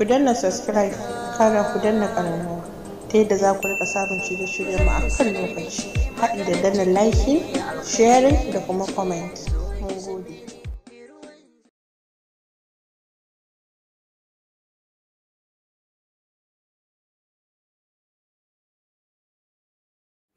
ku danna subscribe kara ku danna ƙararrawa ta yadda za ku rika samun shirye shiryen mu a kan lokaci haɗi da danna like sharing da kuma comment mun gode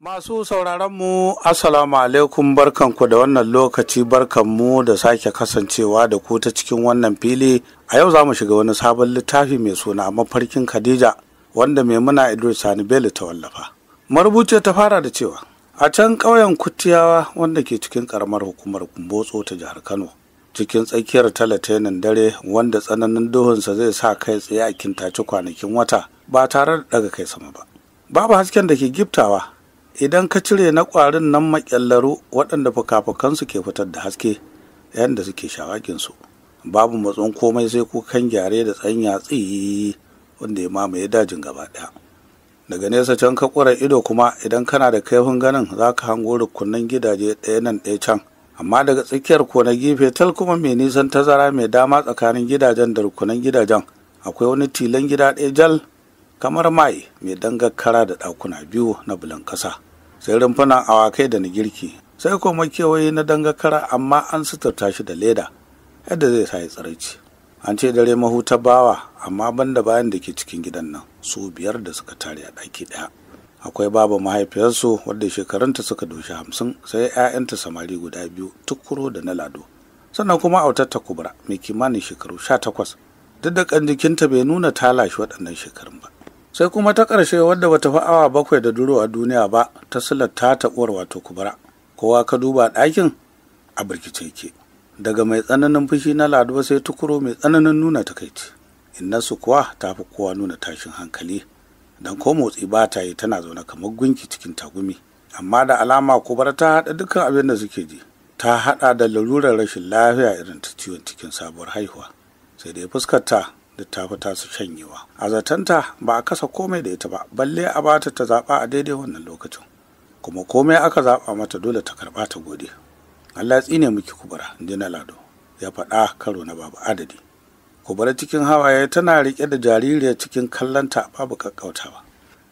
Masu sauraronmu, Assalamu alaikum barkanku da wannan lokaci barkanmu da sake kasancewa da ku ta cikin wannan fili a yau za mu shiga wani sabon littafi mai suna a mafarkin khadija wanda mai muna idris sani bello ta wallafa marubuciya ta fara da cewa a can ƙauyen kutiyawa wanda ke cikin ƙaramar hukumar kumbotso ta jihar kano cikin tsakiyar talatainin dare wanda tsananin duhunsa zai sa kai tsaye a kintace kwanakin wata ba tare da daga kai sama ba babu hasken da ke giftawa idan ka cire na ƙwarin nan maƙyallaru waɗanda fuka-fukansu ke fitar da haske yadda suke shawakinsu babu matsun komai sai kukan gyare da tsayin yatsi wanda ya mamaye dajin gaba ɗaya daga nesa can ka ƙura ido kuma idan kana da kaifin ganin za ka hango rukunan gidaje ɗaya nan ɗaya can amma daga tsakiyar ko na gefe tal kuma mai nisan tazara mai dama tsakanin gidajen da rukunan gidajen akwai wani tilan gida ɗaya jal kamar mai mai dangakkara da ɗakuna biyu na bulan ƙasa sai rumfunan awakai da na girki sai kuma kewaye na dangakkara amma an suturta shi da leda yadda zai sa ya tsaraici an ce dare mahuta bawa amma banda bayan da ke cikin gidan nan su biyar da suka tare a ɗaki ɗaya akwai baba mahaifiyarsu wadda shekarunta suka doshi hamsin sai 'ya'yanta samari guda biyu tukuro da na lado sannan kuma autar ta kubra mai kimanin shekaru sha takwas duk da kan jikinta bai nuna ta lashe waɗannan shekarun ba sai kuma ta ƙarshe wadda bata fi awa bakwai da duro a duniya ba ta silar ta taɓuwar wato kubra kowa ka duba ɗakin a birkice ke daga mai tsananin fushi na laduwa sai tukuro mai tsananin nuna takaici innansu kuwa ta fi kowa nuna tashin hankali don ko motsi ba ta yi tana zaune kamar gunki cikin tagumi amma da alama kubar ta haɗa dukkan abin da suke ji ta haɗa da lalurar rashin lafiya irin ta ciwon cikin sabuwar haihuwa sai dai fuskarta da ta fi tasu shanyewa a zatanta ba a kasa komai da ita ba balle a bata ta zaɓa a daidai wannan lokacin kuma komai aka zaɓa mata dole ta karɓa ta gode Allah tsine miki kubura jina lado ya faɗa karo na babu adadi kubura cikin hawaye tana riƙe da jaririya cikin kallanta babu kakkautawa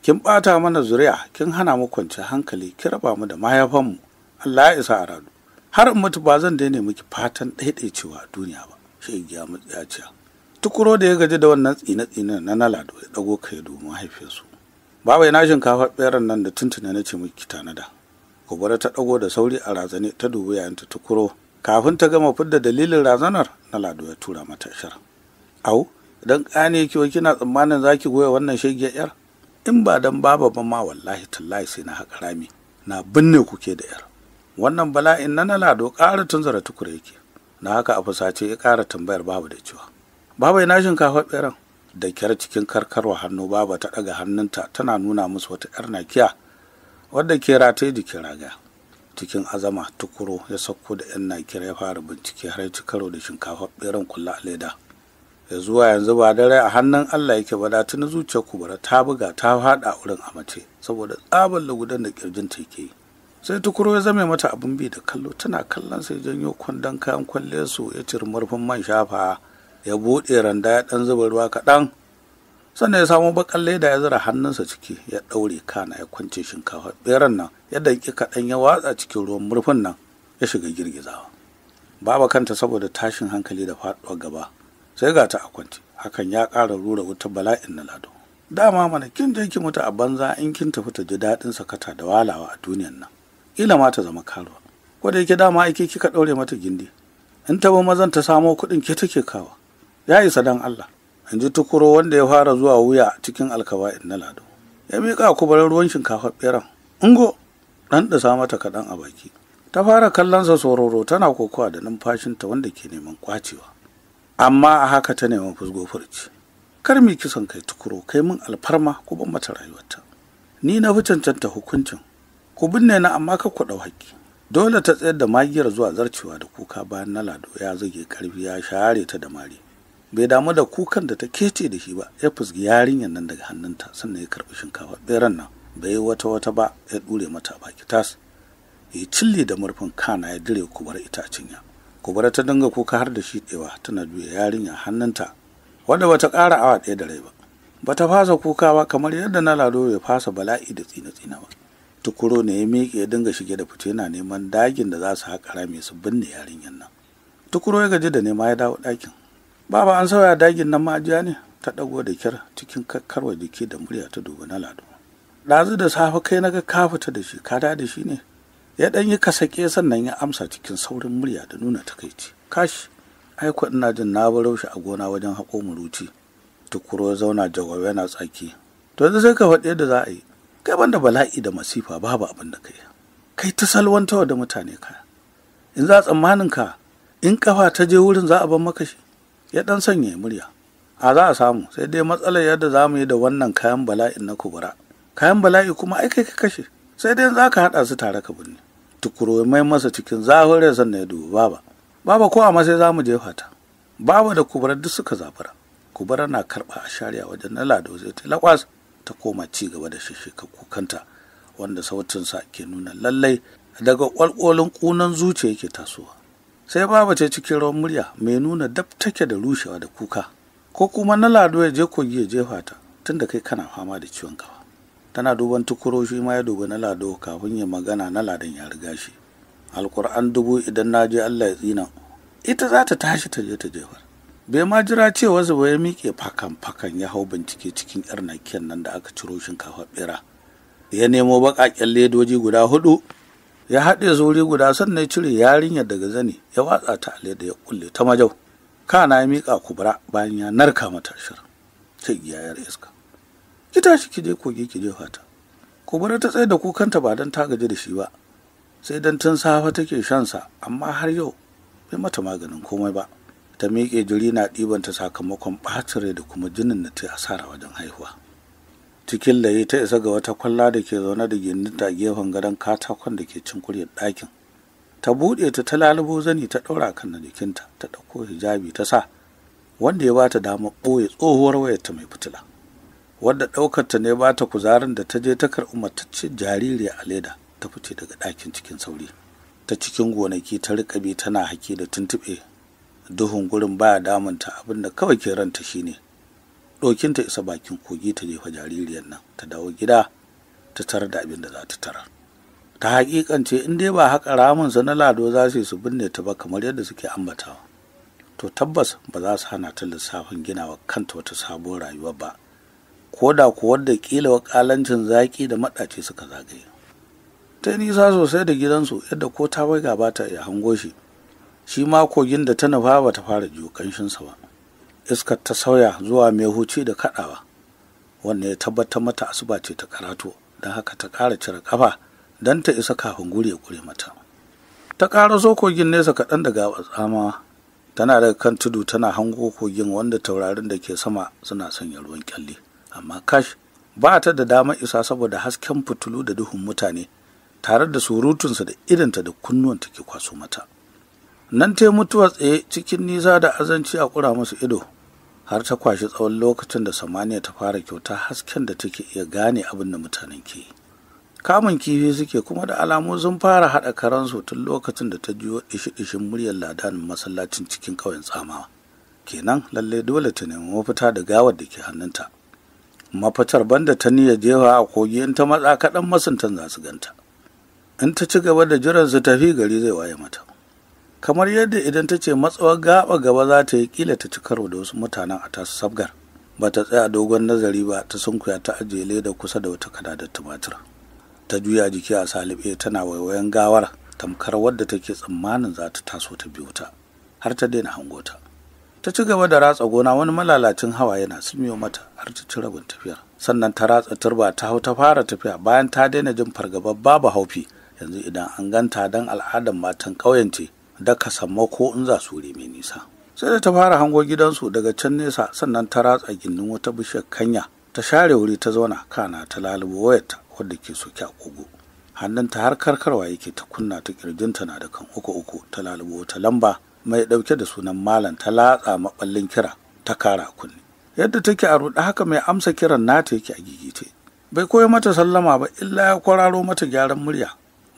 kin ɓata mana zuriya kin hana mu kwance hankali ki raba mu da mayafanmu Allah ya isa a rado har in mutu ba zan daina miki fatan ɗaiɗaicewa a duniya ba shi ya matsiyaciya tukuro da ya gaji da wannan tsine-tsine na Lado ya ɗago kai domin haife su babai na shinkafa ɓeran nan da tuntuna na ce miki tanada gobara ta ɗago da sauri a razane ta dubi ta tukuro kafin ta gama fidda dalilin razanar na lado ya tura mata shar au idan ƙane kiwa kina tsammanin zaki goya wannan shege yar in ba dan baba ba ma wallahi tallahi sai na haƙa rami na binne kuke da yar wannan bala'in na na lado ƙara tunzara tukure yake na haka a fusace ya ƙara tambayar babu da cewa baba ina shinkafa ɓeran da kyar cikin karkarwa hannu baba ta ɗaga hannunta tana nuna musu wata yar nakiya wadda ke rataye jikin raga cikin azama tukuro ya sauko da yan nakira ya fara bincike har ci karo da shinkafa ɓeran kula a leda ya zuwa yanzu ba dare a hannun allah yake ba da tuni zuciyar kubura ta buga ta faɗa wurin a mace saboda tsabar lagudan da kirjin ta ke sai tukuro ya zame mata abin bi da kallo tana kallon sai janyo kwandon kayan kwalliyarsu ya ciri murfin man shafa ya buɗe randa ya ɗan zuba ruwa kaɗan sannan ya samo bakan leda ya zura hannunsa ciki ya ɗaure kana ya kwance shinkafa ɓeran nan ya danki kaɗan ya watsa cikin ruwan murfin nan ya shiga girgizawa baba kanta saboda tashin hankali da faɗuwa gaba sai ga ta a kwance hakan ya ƙara rura wuta bala'in na lado dama mana kin je ki mutu a banza in kin tafi ta ji daɗin sakata da walawa a duniyan nan ila ma ta zama karuwa ko da yake dama ake kika ɗaure mata gindi in ta mazan ta samo kuɗin ke take kawa ya isa dan Allah in ji tukuro wanda ya fara zuwa wuya cikin in na lado ya miƙa kubarin ruwan shinkafa ɓeran ungo ɗan ɗasa mata kaɗan a baki ta fara kallonsa sororo tana kokowa da numfashinta wanda ke neman kwacewa amma a haka ta neman fusgo furci kar mi kisan kai tukuro kai min alfarma ku ban mata rayuwarta ni na fi cancanta hukuncin ku binne na amma ka kuɗau hakki. dole ta tsayar da magiyar zuwa zarcewa da kuka bayan na lado ya zage karfi ya share ta da mari bai damu da kukan da ta kece da shi ba ya fusgi yarinyar nan daga hannunta sannan ya karɓi shinkafa ɗeran nan bai wata wata ba ya ɗure mata baki tas ya cille da murfin kana ya dire kubar itacen ya kubar ta dinga kuka har da shi ɗewa tana juya yarinya hannunta wanda bata ƙara awa ɗaya da rai ba bata fasa kuka ba kamar yadda na lado ya fasa bala'i da tsina tsina ba tukuro ne ya miƙe ya dinga shige da fito yana neman dagin da za su haƙa rami su binne yarinyar nan tukuro ya gaji da nema ya dawo ɗakin baba an sauya dagin nan ma'ajiya ne ta ɗago da kyar cikin kakkarwa jiki da murya ta dubi na lado ɗazu da safe kai na ga ka fita da shi ka da shi ne ya ɗan yi kasake sannan ya amsa cikin saurin murya da nuna takaici kashi aiko ina jin na bar shi a gona wajen haƙo muruci tukuro zauna jawabe yana tsaki to yanzu sai ka faɗi yadda za a yi kai banda bala'i da masifa babu abin da kai kai ta salwantawa da mutane ka in za tsammanin ka in kafa ta je wurin za a ban maka shi ya ɗan sanya murya a za a samu sai dai matsalar yadda za mu yi da wannan kayan bala'in na kubura kayan bala'i kuma ai ka kashe sai dai za ka haɗa su tare ka binne tukuro mai masa cikin zahirar sannan ya dubi baba baba ko amma sai za mu jefa ta baba da kubura duk suka zafara kubura na karɓa a shari'a wajen na lado sai ta lakwas ta koma ci gaba da shishika kukanta wanda sautinsa ke nuna lallai daga ƙwalƙolin ƙunan zuciya yake tasowa sai baba ce cikin rawar murya mai nuna dab take da rushewa da kuka ko kuma na lado ya je kogi ya jefa ta tunda kai kana fama da ciwon kafa tana duban tukuro shi ma ya dubi na lado kafin ya magana na ladan ya riga shi alkur'an dubu idan na je allah ya tsina ita za ta tashi ta je ta jefar bai ma jira cewa zuba ya miƙe fakan fakan ya hau bincike cikin yar nan da aka ciro shinkafa bera ya nemo baƙaƙen ledoji guda hudu ya haɗe zuri guda sannan cire yarinyar daga zani ya watsa ta alai da ya kulle ta majau kana ya miƙa kubura bayan ya narka mata shir sai giyayar iska ki tashi ki je kogi ki je fata. kubura ta tsaye da kukanta ba don ta gaji da shi ba sai don tun safe take shansa amma har yau bai mata maganin komai ba ta miƙe jiri na ɗibanta sakamakon ɓacin da kuma jinin na ta asara wajen haihuwa cikin layi ta isa ga wata kwalla da ke zaune da gindinta a gefen gadon katakon da ke cin kuryar ɗakin ta buɗe ta ta lalubo zani ta ɗaura kan na jikinta ta ɗauko hijabi ta sa wanda ya bata dama ɓoye tsohuwar wayarta mai fitila wadda ɗaukar ta ne ta kuzarin da ta je ta karɓi matacce jariri a leda ta fice daga ɗakin cikin sauri ta cikin gonaki ta riƙa bi tana haki da tuntuɓe duhun gurin baya damunta da kawai ke ranta shine ɗokin ta isa bakin kogi ta jefa jaririyar nan ta dawo gida ta tarar da abin da za ta tarar ta hakikance in dai ba haka ramunsa na lado za su yi su binne ta ba kamar yadda suke ambatawa to tabbas ba za su hana ta lissafin ginawa kanta wata sabuwar rayuwa ba ko da kuwa da kila wakalancin zaƙi da maɗace suka zagaye ta nisa sosai da gidansu yadda ko ta bai gaba ta iya hango shi shi ma kogin da ta nufa ba ta fara jiyo ƙanshinsa ba iskar ta sauya zuwa mai huci da kaɗawa wanda ya tabbatar mata asuba ce ta karatu don haka ta ƙara cire kafa don ta isa kafin guri ya gure mata ta ƙara so kogin nesa kaɗan daga tsama tana daga kan tudu tana hango kogin wanda taurarin da ke sama suna sanya ruwan kyalle amma kash ba ta da damar isa saboda hasken fitilu da duhun mutane tare da surutunsa da irinta da kunnuwan ke kwaso mata nan ta mutuwa tsaye cikin nisa da azanci a kura musu ido har ta kwashi tsawon lokacin da samaniya ta fara kyauta hasken da take iya gane abin da mutanen ke kamun kifi suke kuma da alamu sun fara haɗa karansu tun lokacin da ta jiyo ɗishi-ɗishin muryar ladanin masallacin cikin ƙauyen tsamawa kenan lalle dole ta nemi mafita da gawar da ke hannunta mafitar banda ta niyyar jefa a kogi in ta matsa kaɗan masuntan za su ganta in ta ci gaba da jiran su tafi gari zai waye mata kamar yadda idan ta ce matsawar gaba gaba za ta yi kila ta ci karo da wasu mutanen a tasu sabgar ba ta tsaya dogon nazari ba ta sunkuya ta ajiye leda kusa da wata kada da tumatir ta juya jiki a salibe tana waiwayen gawar tamkar wadda take tsammanin za ta taso ta biyu ta har ta daina hango ta ta ci gaba da ratsa gona wani malalacin hawa yana sumiyo mata har ta ci rabin tafiyar sannan ta ratsa turba ta hau ta fara tafiya bayan ta daina jin fargabar babu haufi yanzu idan an ganta don al'adar matan ƙauyen ce daka sammako in za su reme nisa sai da ta fara hango gidansu daga can nesa sannan ta ratsa gindin wata bishiyar kanya ta share wuri ta zauna kana ta lalubo wayarta wadda ke soke a Hannun hannunta har karkarwa yake ta kunna ta kirjinta na da kan uku uku ta lalubo wata lamba mai dauke da sunan malam ta latsa maballin kira ta kara kunne yadda take a ruɗe haka mai amsa kiran nata yake a gigite bai koyi mata sallama ba illa ya kwararo mata gyaran murya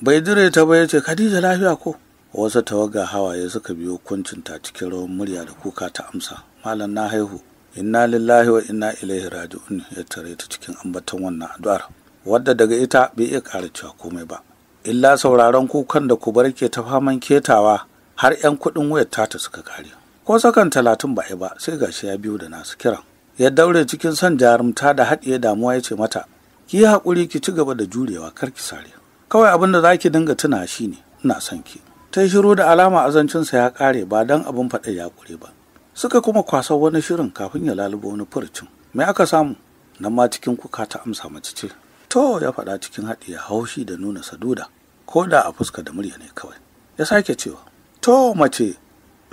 bai dire ta ba ya ce khadija lafiya ko wasu tawaga hawaye suka biyo kuncinta cikin rawan murya da kuka ta amsa malam na haihu inna lillahi wa inna ilaihi raji'un ya tare ta cikin ambaton wannan addu'ar wadda daga ita bai iya ƙara cewa komai ba illa sauraron kukan da kubar ke ta faman ketawa har 'yan kuɗin wayar tata suka kare ko sakan talatin ba ba sai gashi ya biyu da nasu kiran ya daure cikin son jarumta da haɗiye damuwa ya ce mata ki yi haƙuri ki ci gaba da jurewa kar ki sare kawai abin da za ki dinga tuna shi ne ina son ki ta yi shiru da alama azancinsa ya kare ba don abin faɗa ya ƙure ba suka kuma kwasa wani shirin kafin ya lalubo wani furcin me aka samu nan ma cikin kuka ta amsa mace ce to ya faɗa cikin haɗi ya haushi da nuna saduda ko da a fuska da murya ne kawai ya sake cewa to mace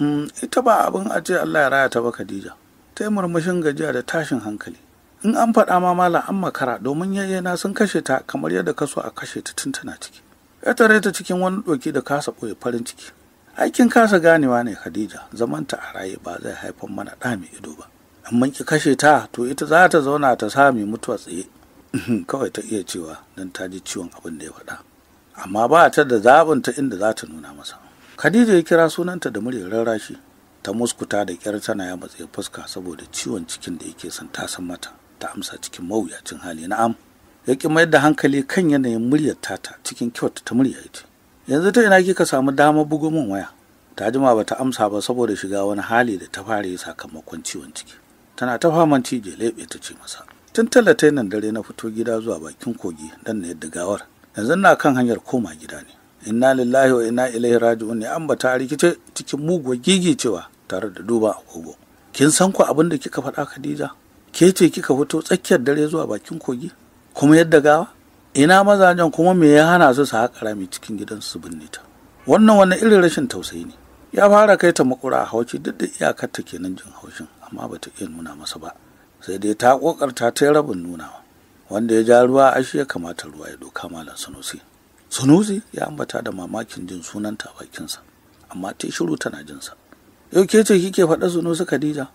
mm, ita ba abin ajiye Allah ya raya ta ba Khadija ta yi murmushin gajiya da tashin hankali in an faɗa ma mala an makara domin yayyana sun kashe ta kamar yadda ka so a kashe ta tun tana ciki ya tare ta cikin wani ɗoki da kasa ɓoye farin ciki aikin kasa ganewa ne khadija zamanta a raye ba zai haifar mana ɗa mai ido ba amma ki kashe ta to ita za ta zauna ta sami mutuwa tsaye kawai ta iya cewa don ta ji ciwon abin da ya faɗa amma ba ta da zaɓin ta inda za ta nuna masa khadija ya kira sunanta da muryar rarrashi ta muskuta da ƙyar tana ya matsaye fuska saboda ciwon cikin da yake son ta san mata ta amsa cikin mawuyacin hali na'am ya ƙi mayar da hankali kan yanayin muryar tata cikin kyauta ta murya ita yanzu ta ina kika samu damar bugu min waya ta jima ba ta amsa ba saboda shiga wani hali da ta fara yi sakamakon ciwon ciki tana ta faman cije leɓe ta ce masa tun tallata nan dare na fito gida zuwa bakin kogi dan na yadda gawar yanzu na kan hanyar koma gida ne inna lillahi wa inna ilaihi raji'un ne an ba ta rikice cikin muguwar gigicewa tare da duba agogo kin san ku abin da kika faɗa Khadija ke ce kika fito tsakiyar dare zuwa bakin kogi kuma yadda gawa ina mazajen kuma me ya hana su su haƙa rami cikin gidansu su binne ta wannan wani irin rashin tausayi ne ya fara kai ta makura a haushi duk da iyakar ta ke nan jin haushin amma bata iya nuna masa ba sai dai ta kokarta ta rabin nunawa wanda ya ja ruwa a ashe ya kamata ruwa ya doka malam sanusi sanusi ya ambata da mamakin jin sunanta bakinsa amma ta shiru tana jinsa yau ke ce kike faɗa sunusi khadija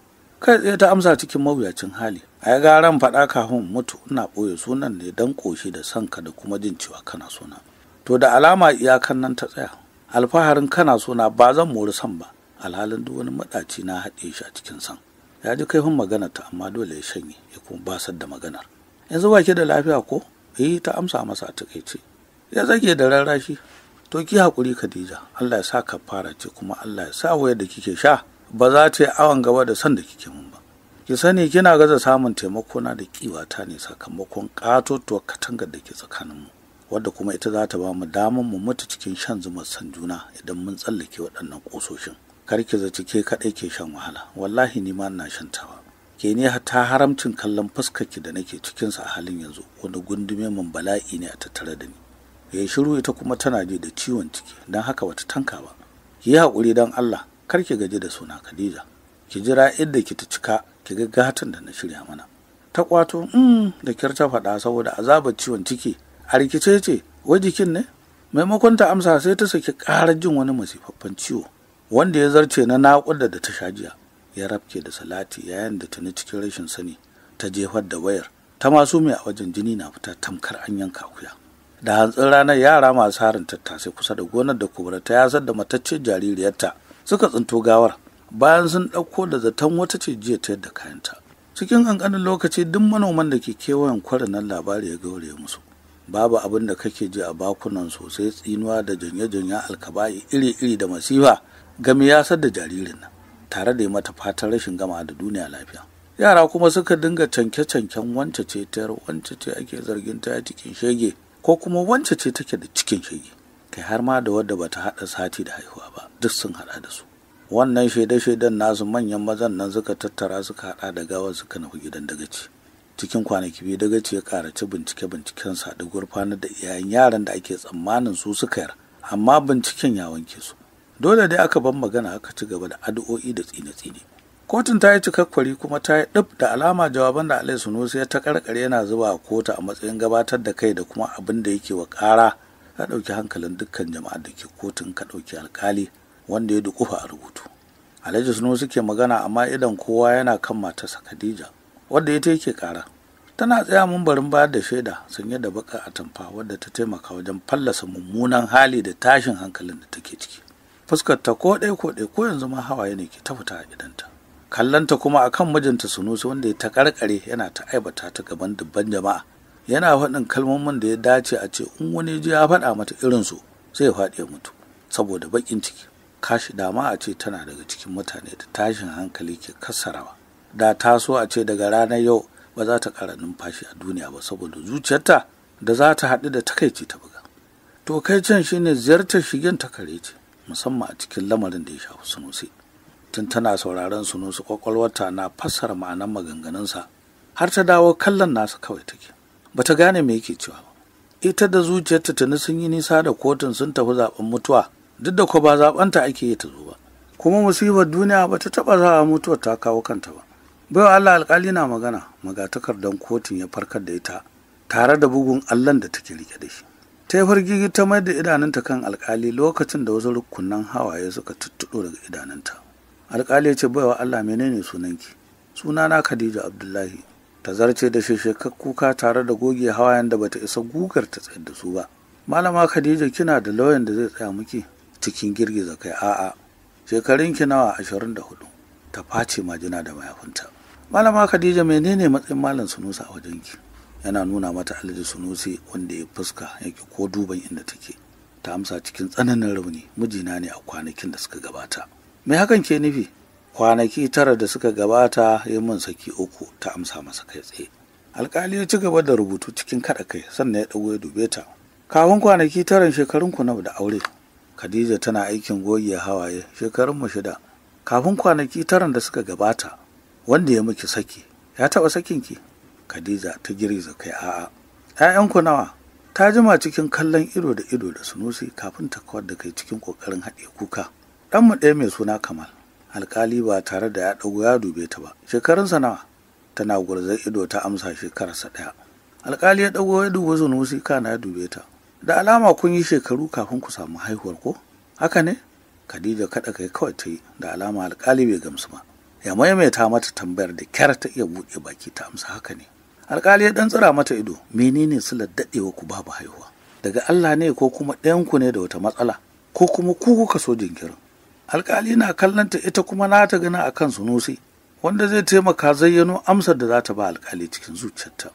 kai tsaye ta amsa cikin mawuyacin hali a ya garan faɗa kafin mutu ina ɓoye sunan ne don ƙoshi da ka da kuma jin cewa kana suna to da alama iyakan nan ta tsaya alfaharin kana suna ba zan mori son ba alhalin duk wani maɗaci na haɗe shi a cikin san ya ji kaifin magana ta amma dole ya shanye ya kuma basar da maganar yanzu ba ke da lafiya ko eh ta amsa masa a takaice ya zage da rarrashi to ki haƙuri khadija allah ya sa ka fara ce kuma allah ya sa wayar da kike sha ba za ta yi awon gaba da son da kike mun ba ki sani kina gaza samun taimako na da kiwata ne sakamakon katotuwar katangar da ke mu wadda kuma ita za ta ba mu damar mu mutu cikin shan zumar san juna idan mun tsallake waɗannan ƙososhin kar ki zaci ke kaɗai ke shan wahala wallahi ni ma ina shan tawa ke ne ta haramcin kallon fuskar ki da nake cikin sa a halin yanzu wani gundume mun bala'i ne a tattare da ni ya shiru ita kuma tana ji da ciwon ciki don haka wata tanka ba ki yi haƙuri don allah kar ki gaji da suna Khadija ki jira idda ki ta cika ki ga gatan da na shirya mana ta kwato mm da kyar faɗa saboda azabar ciwon ciki a rikice ce wai jikin ne maimakon ta amsa sai ta saki ƙarar jin wani masifaffen ciwo wanda ya zarce na naƙuda da ta sha jiya ya rafke da salati yayin da tuni cikin rashin sani ta jefar da wayar ta masu mai a wajen jini na fita tamkar an yanka akuya da hantsin ranar yara masu harin tattasai kusa da gonar da kubura ta yasar da mataccen jaririyarta suka tsinto gawar bayan sun ɗauko da zaton wata ce jiya ta yadda kayanta cikin ƙanƙanin lokaci duk manoman da ke kewayen kwarin nan labari ya gaure musu babu abin da kake ji a bakunan sosai tsinuwa da janye-janye alkaba'i iri-iri da masifa game ya da jaririn nan tare da yi mata fatan rashin gama da duniya lafiya yara kuma suka dinga canke-canken wance ce ta wance ce ake zargin ta cikin shege ko kuma wance ce take da cikin shege kai har ma da wadda bata haɗa sati da haihuwa ba duk sun haɗa da su wannan shaidan-shaidan shaiden nasu manyan mazan nan suka tattara suka haɗa da gawar suka nufi gidan dagaci cikin kwanaki biyu dagaci ya karaci bincike binciken sa, da gurfanar da iyayen yaran da ake tsammanin su suka yar amma binciken ya wanke su dole dai aka ban magana aka ci gaba da addu'o'i da tsine-tsine kotun ta yi cikakkwari kuma ta yi ɗib da alama jawaban da alai sunusi ya ta karkare yana zuba a kota a matsayin gabatar da kai da kuma abin da yake wa ƙara Ka ɗauki hankalin dukkan jama'a da ke kotun ka ɗauki alkali wanda ya dukufa a rubutu alhaji suno suke magana amma idan kowa yana kan matarsa khadija wadda ita yake kara tana tsaya mun barin bayar da shaida sanye da baka atamfa wadda ta taimaka wajen fallasa mummunan hali da tashin hankalin da take ciki fuskar ta ko ɗaya ko ɗaya ko yanzu ma hawaye ne ke ta fita a gidanta. kallanta kuma akan mijinta sunusi wanda ya ta karkare yana ta aibata ta gaban dubban jama'a yana faɗin kalmomin da ya dace a ce in wani ji ya faɗa mata irin su, zai faɗi ya mutu saboda baƙin ciki kashi dama a ce tana daga cikin mutane da tashin hankali ke kassarawa da ta so a ce daga ranar yau ba za ta ƙara numfashi a duniya ba saboda zuciyarta da za ta haɗu da takaici ta buga to kai can shine ziyartar shigen ta kare ce musamman a cikin lamarin da ya shafi sunusi tun tana sauraron sunusi kwakwalwarta na fassara ma'anar maganganunsa har ta dawo kallon nasa kawai take Ba ta gane me yake cewa ita da zuciyarta tuni sun yi nisa da kotun sun tafi zaben mutuwa duk da ko ba zabanta ake yi ta zo ba kuma musibar duniya bata taba a mutuwar ta kawo kanta ba baiwa Allah alkali na magana magatakardan kotun ya farkar da ita tare da bugun allon da take rike da shi ta yi fargigi ta mai da idanunta kan alkali lokacin da wasu rukunan hawaye suka tuttuɗo daga idanunta alkali ya ce baiwa Allah menene sunanki sunana Khadija Abdullahi ta zarce da shekar kuka tare da goge hawayen da bata isa gugar ta tsayar da su ba malama khadija kina da lauyan da zai tsaya miki cikin girgiza kai a'a shekarun ki nawa ashirin da hudu ta face majina da mayafinta malama khadija menene matsayin malam sunusa a wajen ki yana nuna mata alhaji sunusi wanda ya fuska yake ko duban inda take ta amsa cikin tsananin rauni mijina ne a kwanakin da suka gabata me hakan ke nufi kwanaki tara da suka gabata ya mun saki uku ta amsa masa kai tsaye alkali ya ci gaba da rubutu cikin kaɗa kai sannan ya ɗago ya dube ta kawun kwanaki taran shekarun ku nawa da aure khadija tana aikin goge hawaye shekarun mu shida kafin kwanaki taran da suka gabata wanda ya miki saki ya taɓa sakin ki khadija ta girgiza kai a'a ƴaƴan ku nawa ta jima cikin kallon ido da ido da sunusi kafin ta kawar da kai cikin ƙoƙarin haɗe kuka ɗanmu ɗaya mai suna kamal alkali ba tare da ya ɗago ya dube ta ba Shekarun sana tana gurzar ido ta amsa shekararsa ɗaya alkali ya ɗago ya dubo zunusi kana ya dube ta da alama kun yi shekaru kafin ku samu haihuwar ko haka ne khadija kaɗa kai kawai ta yi da alama alkali bai gamsu ba ya maimaita mata tambayar da kyar ta iya buɗe baki ta amsa haka ne alkali ya ɗan tsira mata ido menene silar daɗewa ku babu haihuwa daga allah ne ko kuma ɗayanku ne da wata matsala ko kuma ku kuka so jinkirin alkali na kallanta ita kuma na ta gani a kan sunusi wanda zai taimaka zayyano amsar da za ta ba alkali cikin zuciyarta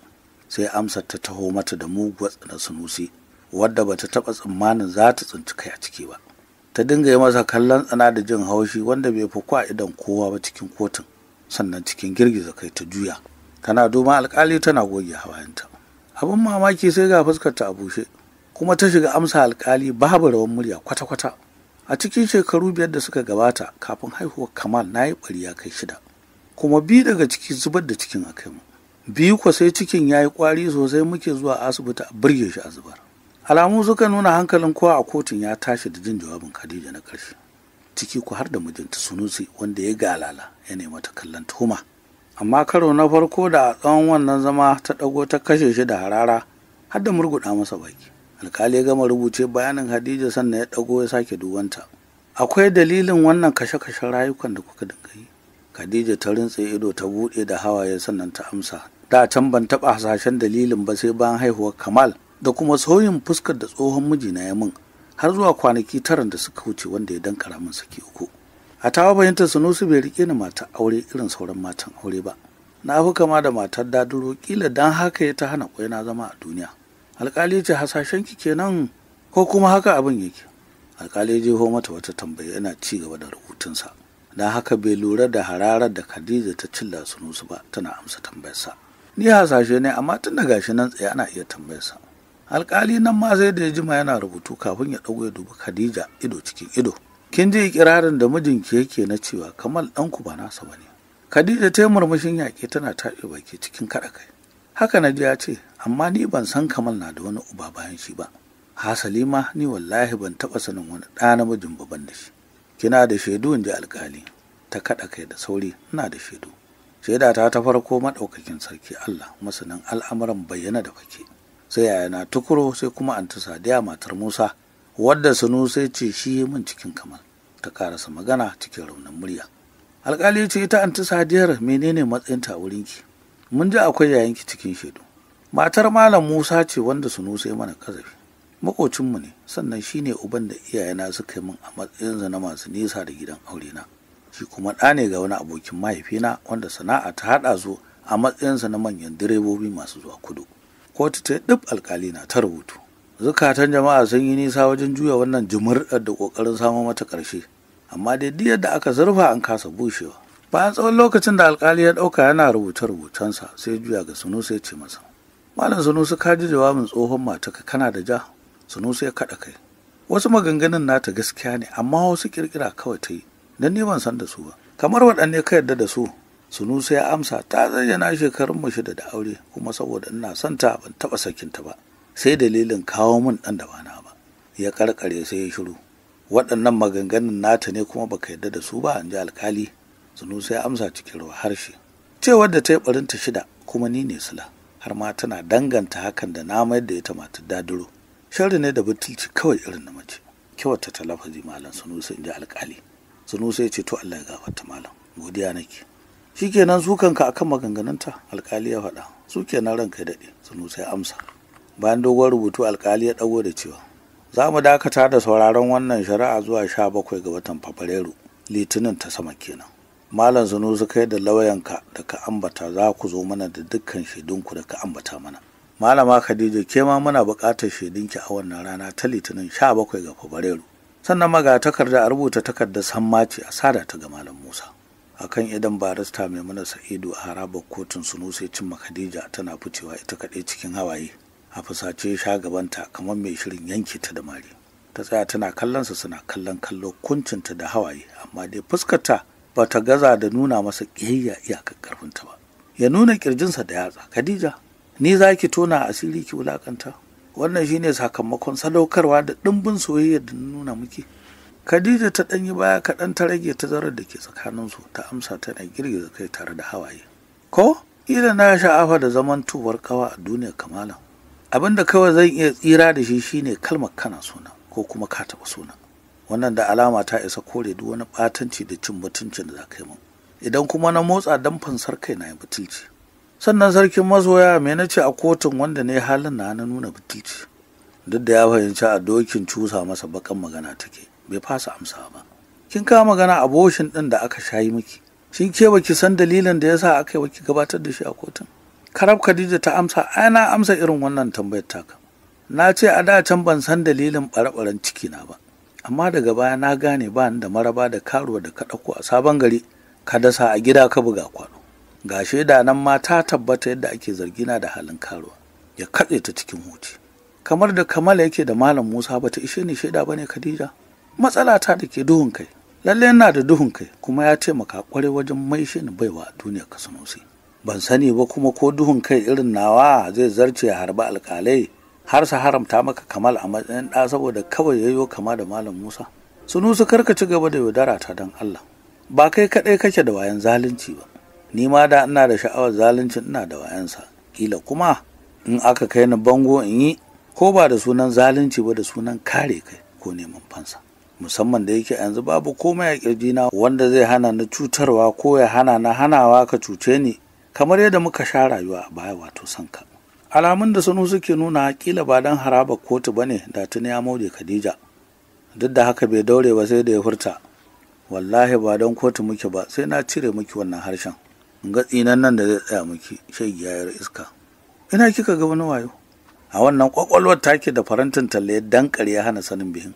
sai amsar ta taho mata da muguwar tsanar sunusi wadda ta taɓa tsammanin za ta tsinci kai a ciki ba ta dinga yi masa kallon tsana da jin haushi wanda bai fi kwa idan kowa ba cikin kotun sannan cikin girgiza kai ta juya tana duban alkali tana goge hawayenta abin mamaki sai ga fuskar ta a bushe kuma ta shiga amsa alkali babu rawan murya kwata-kwata a cikin shekaru biyar da suka gabata kafin haihuwar kamal na yi ɓari ya kai shida kuma biyu daga ciki zubar da cikin a kai mu biyu kwa sai cikin ya yi ƙwari sosai muke zuwa asibiti a birge shi a zubar alamu suka nuna hankalin kowa a kotun ya tashi da jin jawabin khadija na ƙarshe ciki ku har da mijinta sunusi wanda ya galala ya nema ta kallon tuhuma amma karo na farko da a tsawon wannan zama ta ɗago ta kashe shi da harara har da murguɗa masa baki alkali ya gama rubuce bayanin hadija sannan ya ɗago ya sake dubanta akwai dalilin wannan kashe-kashen rayukan da kuka dinga yi khadija ta rintse ido ta buɗe da hawaye sannan ta amsa da can ban taɓa hasashen dalilin ba sai bayan haihuwar kamal da kuma sauyin fuskar da tsohon mijina ya min har zuwa kwanaki taran da suka wuce wanda ya dankara min saki uku a tawa fahimtar sunusu bai rike ni matar aure irin sauran matan aure ba na fi kama da matar daduro kila don haka ya ta hana na zama a duniya alkali ce hasashen ki kenan ko kuma haka abin yake alkali jeho mata wata tambaya yana ci gaba da rubutunsa Na haka bai lura da hararar da khadija ta cilla sunusu ba tana amsa tambayarsa ni hasashe ne amma tun da gashi nan tsaye ana iya tambayarsa alkali nan ma sai da ya jima yana rubutu kafin ya dago ya dubi khadija ido cikin ido kin ji ikirarin da mijinki yake na cewa kamal ɗanku ba nasa ba ne khadija ta yi murmushin yaƙi tana taɓe baki cikin kaɗa kai haka na ji ya ce amma ni ban san kamal na da wani uba bayan shi ba hasali ma ni wallahi ban taɓa sanin wani ɗa namijin baban da shi kina da shaidu in ji alkali ta kaɗa kai da sauri ina da shaidu shaida ta ta farko maɗaukakin sarki allah masanin al'amuran bayyana da fake sai yayana tukuro sai kuma an ta sadiya matar musa wadda sunu sai ce shi min cikin kamal ta karasa magana cikin raunin murya alkali ce ita anta sadiyar menene matsayinta a wurinki mun ji akwai yayanki cikin shaidu matar malam musa ce wanda su yi mana kazafi makocinmu ne sannan shi ne uban da iyayena suka yi min a matsayinsa na masu nisa da gidan aure na. shi kuma ɗa ne ga wani abokin mahaifina wanda sana'a ta haɗa su a matsayinsa na manyan direbobi masu zuwa kudu kotu ta ɗib alkali na ta rubutu zukatan jama'a sun yi nisa wajen juya wannan jimurɗar da ƙoƙarin samo mata ƙarshe amma dai yadda aka zurfa an kasa bushewa bayan tsawon lokacin da alkali ya ɗauka yana rubuce-rubucensa sai juya ga sunusa ya ce masa malam sunusa ka ji jawabin tsohon mataka kana da ja sunusa ya kaɗa kai wasu maganganun nata gaskiya ne amma wasu kirkira kawai ta yi don ban san da su ba kamar waɗanne ka yarda da su sunusa ya amsa ta zayyana shekarun mu shida da aure kuma saboda ina son ta ban taɓa ta ba sai dalilin kawo min ɗan da bana ba ya karkare sai ya shiru waɗannan maganganun nata ne kuma baka yarda da su ba in ji alkali zunu ya amsa cikin ruwa harshe. Cewar da ta yi barinta shida kuma ni ne sula. Har ma tana danganta hakan da na mayar da ita matar dadiro. Shari ne da butulci kawai irin na mace. Kyawata ta lafazi malam Sunusa in ji alƙali. sunu ya ce to Allah ya gafarta malam. Godiya nake. shikenan su kanka akan maganganunta alkali ya faɗa su kenan ranka kai daɗe sunu sai amsa bayan dogon rubutu alkali ya ɗago da cewa za mu dakata da sauraron wannan shari'a zuwa sha bakwai ga watan fabrairu litinin ta sama kenan malam zunuzu kai da lauyanka da ka ambata za ku zo mana da dukkan shaidunku da ka ambata mana malama khadija ke ma muna buƙatar shaidunki a wannan rana ta litinin sha bakwai ga fabrairu sannan maga takarda a rubuta takardar sammaci a sada ta ga malam musa akan idan barista mai mana sa'idu a harabar kotun ya cimma khadija tana ficewa ita kaɗai cikin hawaye a fusace shagabanta kamar mai shirin yanke ta da mari ta tsaya tana kallon su suna kallon kallo kuncinta da hawaye amma dai fuskarta ba ta gaza da nuna masa ƙiyayya iyakar ƙarfinta ba ya nuna ƙirjinsa da yatsa khadija ni za ki tona asiri ki wulakanta wannan shine sakamakon sadaukarwa da ɗimbin soyayya da nuna miki khadija ta ɗanyi baya kaɗan ta rage tazarar da ke tsakaninsu ta amsa tana girgiza kai tare da hawaye ko ila na sha'afa da zaman tuwar kawa a Duniya kamala abin da kawai zan iya tsira da shi shine kalmar kana suna ko kuma ka taɓa suna wannan da alama ta isa kore duk wani batanci da cin mutuncin da za ka yi min idan kuma na motsa dan fansar kai na yi butulci sannan sarkin masoya me na ce a kotun wanda ne halin na na nuna butulci duk da ya fahimci a dokin cusa masa bakan magana take bai fasa amsa ba kin kawo magana a boshin din da aka shayi miki shin ke baki san dalilin da yasa aka yi ki gabatar da shi a kotun karab khadija ta amsa ai na amsa irin wannan tambayar taka na ce a da can ban san dalilin ɓare-ɓaren ciki na ba amma daga baya na gane ba da maraba da karuwa da ka ɗauko a sabon gari ka dasa a gida ka buga kwano ga shaida nan ma ta tabbata yadda ake zargina da halin karuwa ya katse ta cikin huci kamar da kamala yake da malam musa bata ishe ni shaida bane khadija matsala ta da ke duhun kai lalle yana da duhun kai kuma ya taimaka kware wajen maishe ni baiwa a duniyar kasanosi ban sani ba kuma ko duhun kai irin nawa zai zarce harba alkalai har su haramta maka kamal a matsayin ɗa saboda kawai yayyo kama da malam musa su karka ci gaba da yaudara ta don allah ba kai kaɗai kake da wayan zalunci ba ni ma da ina da sha'awar zalunci ina da wayansa kila kuma in aka kai ni bango in yi ko ba da sunan zalunci ba da sunan kare kai ko neman fansa musamman da yake yanzu babu komai a na. wanda zai hana ni cutarwa ko ya hana na hanawa ka cuce ni kamar yadda muka sha rayuwa a baya wato sanka alamun da sanu suke nuna kila ba don haraba kotu ba ne da tuni ya mauje khadija duk da haka bai daure ba sai da ya furta wallahi ba don kotu muke ba sai na cire miki wannan harshen ga tsinan nan da zai tsaya miki shagiyayar iska ina kika ga wani wayo a wannan kwakwalwar take da farantin talle dankare ya hana sanin bihin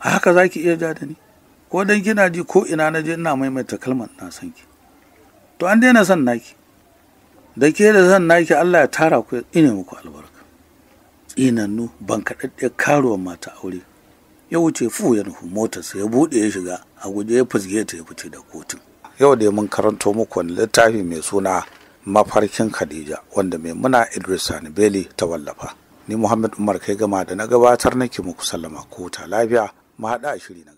a haka zaki iya ja da ni ko dan kina ji ko ina na je ina maimaita kalmar na san ki to an daina son naki da ke da zan naki Allah ya tara ku ina muku albarka tsinannu ban kaɗaɗɗe karuwar mata aure ya wuce fu ya nufi motarsa ya buɗe ya shiga a guje ya fusge ta ya fice da kotun yau da mun karanto muku wani littafi mai suna mafarkin khadija wanda mai muna idris sani beli ta wallafa ni muhammad umar kai gama da na gabatar nake muku sallama ko ta lafiya mu haɗa shiri na